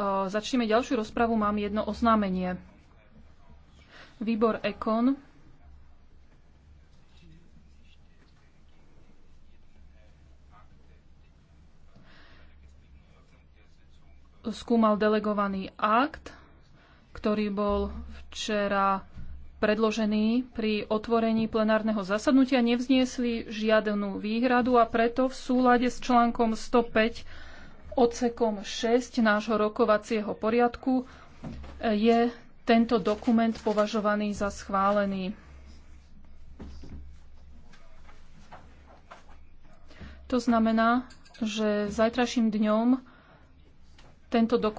E, začneme ďalšiu rozpravu, mám jedno oznámenie. Výbor Ekon skúmal delegovaný akt, ktorý bol včera predložený pri otvorení plenárneho zasadnutia nevzniesli žiadnu výhradu a preto v súlade s článkom 105 odsekom 6 nášho rokovacieho poriadku je tento dokument považovaný za schválený. To znamená, že zajtrajším dňom tento dokument